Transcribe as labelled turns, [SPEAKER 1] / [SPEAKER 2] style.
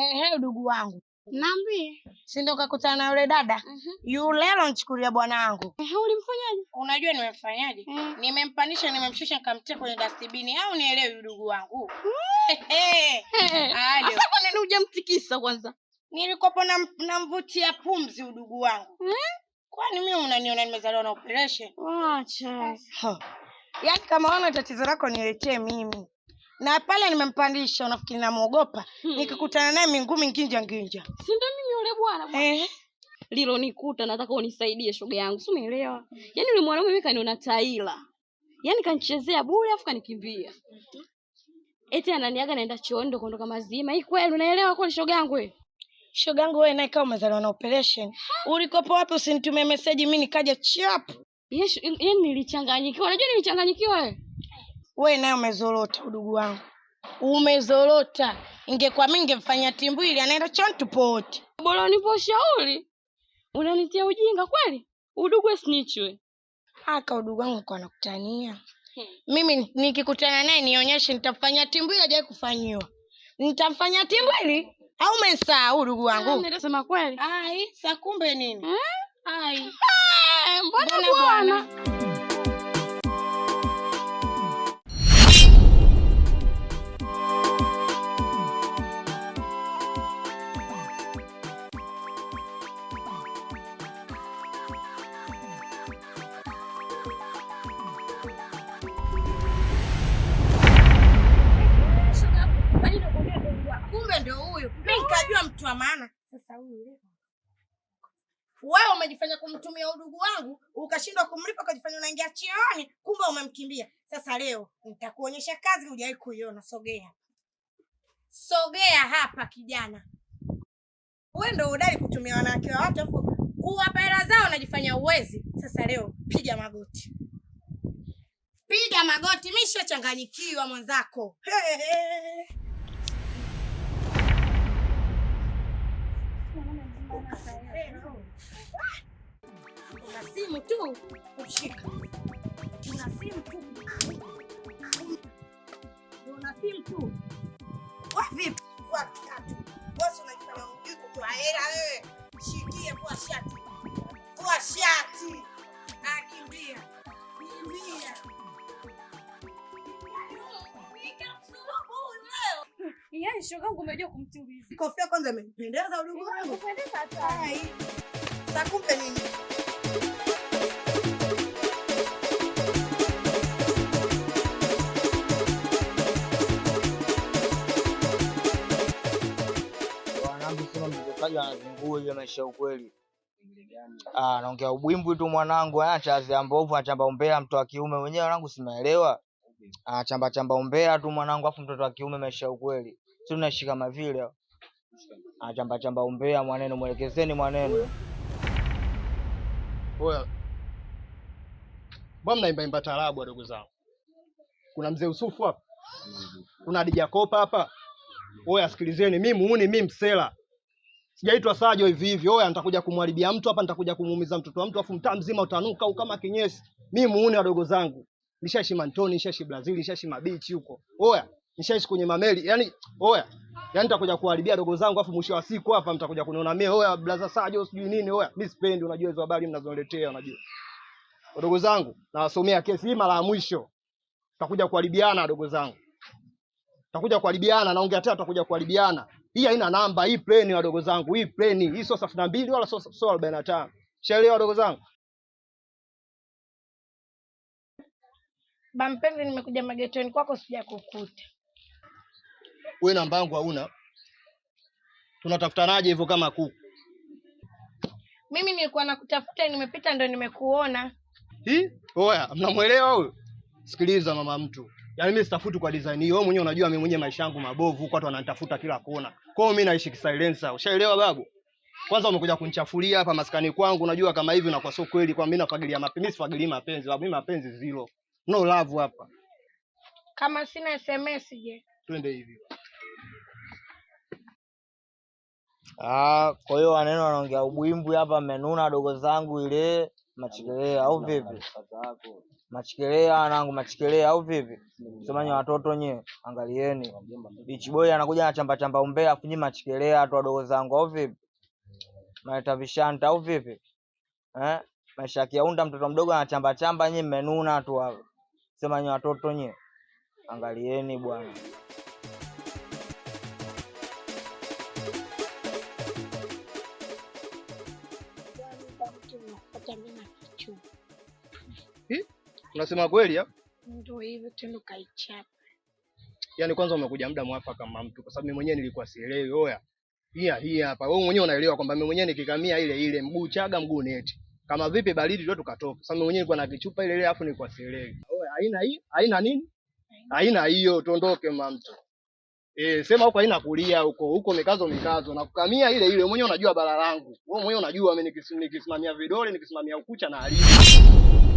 [SPEAKER 1] Ehe, eh, udugu wangu
[SPEAKER 2] nambi
[SPEAKER 1] Si ndo kakutana na yule dada? Mm -hmm. Yule alonichukulia wangu.
[SPEAKER 2] Eh, ulimfanyaje?
[SPEAKER 1] Unajua nimemfanyaje? Mm. Eh. Nimempanisha, nimemshusha nikamtia kwenye dustbin. Au nielewi ndugu wangu. Hadi. Sasa
[SPEAKER 2] kwa nini hujamtikisa kwanza?
[SPEAKER 1] Nilikopo na, na mvutia pumzi udugu wangu. Mm? Kwani mimi unaniona nimezaliwa na operation?
[SPEAKER 2] Acha.
[SPEAKER 1] Yaani kama wana tatizo lako niletee mimi na pale nimempandisha, unafikiri namwogopa? hmm. Nikikutana naye mingumi nginja nginja,
[SPEAKER 2] si ndio mimi yule bwana bwana eh. Lilo nikuta nataka unisaidie shoga yangu, si umeelewa? Hmm. Yaani yule mwanaume mimi kaniona taila, yaani kanichezea bure, afu kanikimbia eti ananiaga naenda chooni kuondoka mazima. Hii kweli unaelewa kweli shoga yangu wewe?
[SPEAKER 1] Shoga yangu wewe naye kama umezaliwa na operation. Ulikopo wapi usinitumie message mimi nikaja chap.
[SPEAKER 2] Yes, yaani nilichanganyikiwa. Unajua nilichanganyikiwa wewe
[SPEAKER 1] we naye umezorota, udugu wangu, umezorota. Ingekuwa mimi ningemfanyia timbwili, anaenda chontu poti
[SPEAKER 2] Bora unipo ushauri, unanitia ujinga kweli. Udugu sinichwe
[SPEAKER 1] aka udugu wangu kwa nakutania mimi nikikutana naye nionyeshe, nitamfanyia timbwili ajaye kufanyiwa,
[SPEAKER 2] nitamfanyia timbwili
[SPEAKER 1] au umesahau udugu wangu?
[SPEAKER 2] Nasema kweli.
[SPEAKER 1] Ai, sakumbe nini? Eh? Ai,
[SPEAKER 2] eh, mbona bwana
[SPEAKER 1] huyu, mimi nikajua mtu wa maana.
[SPEAKER 2] Sasa huyu
[SPEAKER 1] wewe umejifanya kumtumia udugu wangu ukashindwa kumlipa, ukajifanya unaingia chioni, kumbe umemkimbia. Sasa leo nitakuonyesha kazi hujawahi kuiona. Sogea, sogea hapa kijana. Wewe ndio udai kutumia wanawake wa watu afu kuwapa hela zao, unajifanya uwezi. Sasa leo piga magoti, piga magoti, mimi sio changanyikiwa mwenzako.
[SPEAKER 2] Una simu tu
[SPEAKER 1] kushika, una
[SPEAKER 2] simu tu, una simu tu. Yaani shoga umejua kumtuliza.
[SPEAKER 1] Kofia kwanza imependeza udugu wangu. Kupendeza nini?
[SPEAKER 3] Wanangu sema mtokaji maisha ukweli. Ah, naongea ubwimbwi tu mwanangu, acha azia mbovu, acha mbaumbea mtu wa kiume wenyewe wanangu simaelewa. Ah, chamba chamba umbea tu mwanangu, afu mtoto wa kiume, maisha ukweli, si tunaishi kama vile. Ah, chamba chamba umbea mwanenu, mwelekezeni mwanenu.
[SPEAKER 4] Oya, mbona mnaimba imba taarabu, ndugu zangu? Kuna mzee Yusufu hapa, kuna Adija Kopa hapa. Oya, sikilizeni, mimi muuni, mimi msela sijaitwa Sajo hivi hivi. Oya, nitakuja kumharibia mtu hapa, nitakuja kumuumiza mtoto wa mtu, afu mtaa mzima utanuka au kama kinyesi. Mimi muuni, wadogo zangu nishaishi Mantoni, nishaishi Brazil, nishaishi mabichi huko. Oya, nishaishi kwenye mameli. Yaani oya. Yaani nitakuja kuharibia dogo zangu afu mwisho wa siku hapa mtakuja kuniona mimi oya brother Sajo sijui nini oya. Mimi sipendi unajua hizo habari mnazoletea unajua. Dogo zangu nawasomea kesi hii mara ya mwisho. Tutakuja kuharibiana dogo zangu. Tutakuja kuharibiana naongea tena tutakuja kuharibiana. Hii haina namba, hii pleni wadogo zangu, hii plane hii sio 32 wala sio 45. Shaelewa dogo zangu.
[SPEAKER 2] Bampenzi, nimekuja magetoni kwako, sija kukuta
[SPEAKER 4] Wewe namba yangu hauna, tunatafutanaje hivyo kama kuku?
[SPEAKER 2] Mimi nilikuwa nakutafuta, nimepita ndo nimekuona.
[SPEAKER 4] Hi? oya, mnamwelewa huyo? Sikiliza mama mtu, yaani mimi sitafuti kwa design hiyo. Wewe mwenyewe unajua mimi mwenyewe maisha yangu mabovu, watu wananitafuta kila kona. Kwa hiyo mimi naishi kisilensa, ushaelewa babu? Kwanza umekuja kunichafulia hapa maskani kwangu, unajua kama hivi na kwa sio kweli, kwa mimi nafagilia mapenzi, sifagilii mapenzi babu, mimi mapenzi zero. No love hapa.
[SPEAKER 2] Kama sina SMS je?
[SPEAKER 4] Twende hivi.
[SPEAKER 3] Ah, kwa hiyo waneno wanaongea ubwimbwi hapa, menuna dogo zangu ile machikelea au vipi? Machikelea wanangu, machikelea au vipi? Semanya watoto nyewe, angalieni bichi boy anakuja na chamba chamba umbea, afunyi machikelea watu wadogo zangu au vipi? Maeta vishanta au vipi? Eh, maisha kiaunda, mtoto mdogo anachamba chamba, nyinyi mmenuna tu hapo sema nye watoto nye, angalieni bwana.
[SPEAKER 4] Hm? Unasema kweli ya?
[SPEAKER 2] Ndio hivyo tendo kaichapa.
[SPEAKER 4] Yaani kwanza umekuja muda mwafaka mama mtu kwa sababu mimi mwenyewe nilikuwa sielewi. Oya. Hia hia hapa. Wewe mwenyewe unaelewa kwamba mimi mwenyewe nikikamia ile ile mguu chaga mguu neti. Kama vipi baridi ndio tukatoka. Sasa mimi mwenyewe nilikuwa na kichupa ile ile afu nilikuwa sielewi haina hiyo, haina nini, haina hiyo, tuondoke mamto. E, sema huko haina kulia huko huko, mikazo mikazo na kukamia ile ile. Mwenyewe unajua bara langu wewe, mwenyewe unajua mimi nikisimamia vidole nikisimamia ukucha na hali